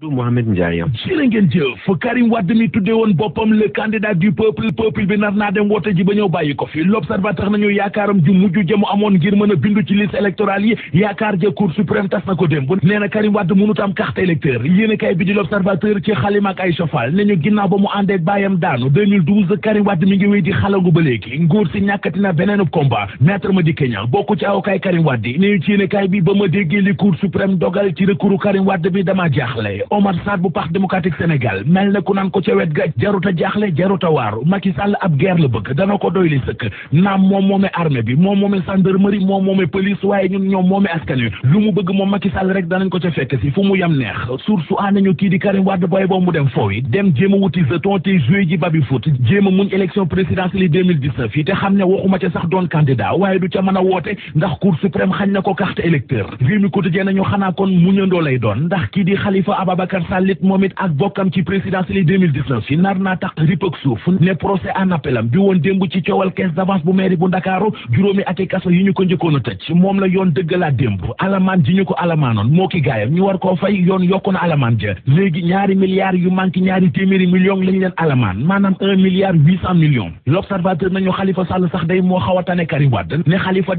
du Mohamed Ndiaye am ngeen jëf Karim Wade mi tudde woon boppam le candidat du peuple peuple bi nar naa dem wote ji ba ñëw bàyyi ko fi l'observateur nañu yaakaaram ju mujj jëmu amoon ngir mën a bindu ci liste électorale yi yaakaar ja cour suprême tas na ko démb nee na Karim Wade mënut am carte électeur yéen bi di l'observateur ci xalima ak Aïcha Fall ñu ginnaaw ba mu àndeek bàyyam daanu 2012 Karim Wade mi ngi wéy di xalangu ba léegi nguur si ñàkkati na beneen combat maître Madické Niang bokk ci awkaay Karim Wade ne ñu ci bi ba ma déggee li cour suprême dogal Omar Sarr bu parti démocratique Sénégal mel na ku naan ko ca wet ga jaruta jaaxle jaruta waaru Macky Sall ab guerre la bëgg dana ko doy li sëkk naam moom moome armée bi moom moome gendarmerie moom moome police waaye ñun ñoom moome askan lu mu bëgg moom Macky Sall rek danañ ko ca fekk si fu mu yam neex source a nañu kii di Karim Wade boy boo mu dem foowi dem jéem wuti sa tonte joué ji babi foot jéem a muñ élection présidentielle yi 2019 yi te Ababacar Sall it moom it ak bokkam ci présidentielle yi 2019 yi nar naa tax rip ak suuf ne procès en appelam bi woon démb ci coowal caisse d'avance bu mairie bu Ndakaaru juróomi ati kaso yi ñu ko njëkkoon a moom la yoon dëggalaat démb alamaan ji ñu ko alamaanoon moo ki gaayam ñu war koo fay yoon yokku na alamaan ja léegi ñaari milliards yu manque ñaari téeméeri millions lañ leen alamaan maanaam un milliard huit cent millions l'observateur nañu a tane Karim Wade ne Khalifa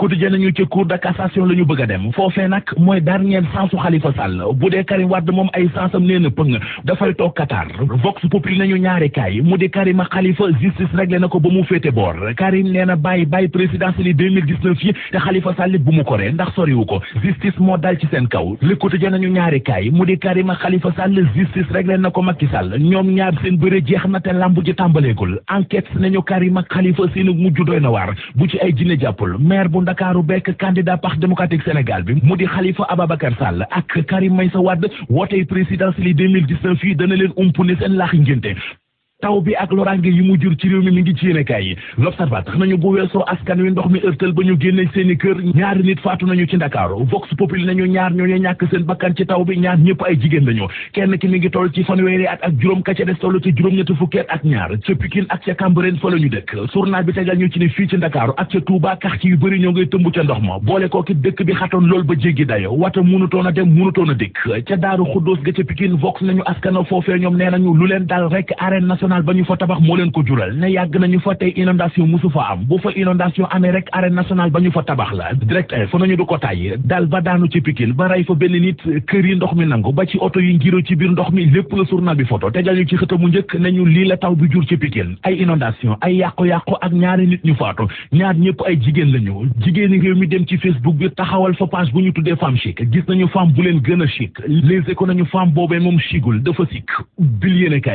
quotidien nañu ci de cassation la ñu a dem foofee nag mooy dernière sansu Khalifa Sall bu dee Karim Wade moom ay sansam nee na pëng dafay toog Qatar vox populi nañu ñaari kaay mu di Karim ak Khalifa justice réglé na ko ba mu féete boor Karim nee na bàyyi bàyyi présidentielle yi 2019 yi te Khalifa Sall bu mu koree ndax soriwu ko justice moo dal ci seen kaw le quotidien nañu ñaari kaay mu di Karim ak Khalifa Sall justice réglé na ko Macky ci ay jinne jàppul Ndakaaru bekk candidat parti démocratique Sénégal bi mu di Khalifa Ababacar Sall ak Karim Meïssa Wade wootey présidentielle yi 2019 fii dana leen umpu ne seen laaxi ngénte taw bi ak loraange yi mu jur ci réew mi mi ngi ci yéenekaay yi l'observateur nañu bu loolu ba jéggi dayo wata munutoon dem munutoon a ca Daaru Xuddoos ga ca Pikine vox nañu askana foofee ñoom nee nañu lu leen dal rek arène national ba ñu fa tabax moo leen ko jural ne yàgg nañu fa tey inondation musu fa am bu fa inondation amee rek arène nationale ba ñu fa tabax la direct fa nañu du ko tàyyi dal ba daanu ci Pikine ba rey fa benn nit kër yi ndox mi nangu ba ci oto yi ngiro ci biir ndox mi lépp la journal bi photo tegal ñu ci xët mu njëkk nañu lii la taw bi jur ci Pikine ay inondation ay yàqu-yàqu ak ñaari nit ñu faatu ñaar ñëpp ay jigéen lañu jigéeni réew mi dem ci Facebook bi taxawal fa page bu ñu tuddee femme chic gis nañu bu leen gën a chic les éco nañu femme boobee moom chigul dafa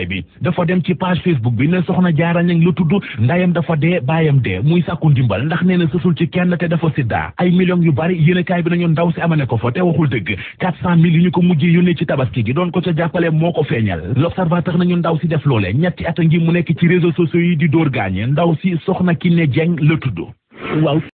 bi page facebook bi ne soxna jaara ñang la tudd ndayam dafa dee baayam dee muy sàkku ndimbal ndax nee na sësul ci kenn te dafa sidda ay millions yu bari yéenekaay bi nañu ndaw si amane ko fa te waxul dëgg quatre cent mille yu ñu ko mujjee yónnee ci tabaski gi doon ko ca jàppale moo ko feeñal l'observateur nañu ndaw si def loole ñetti at a ngi mu nekk ci réseaux sociaux yi di dóor gaañe ndaw si soxna ki ne jeng la tudd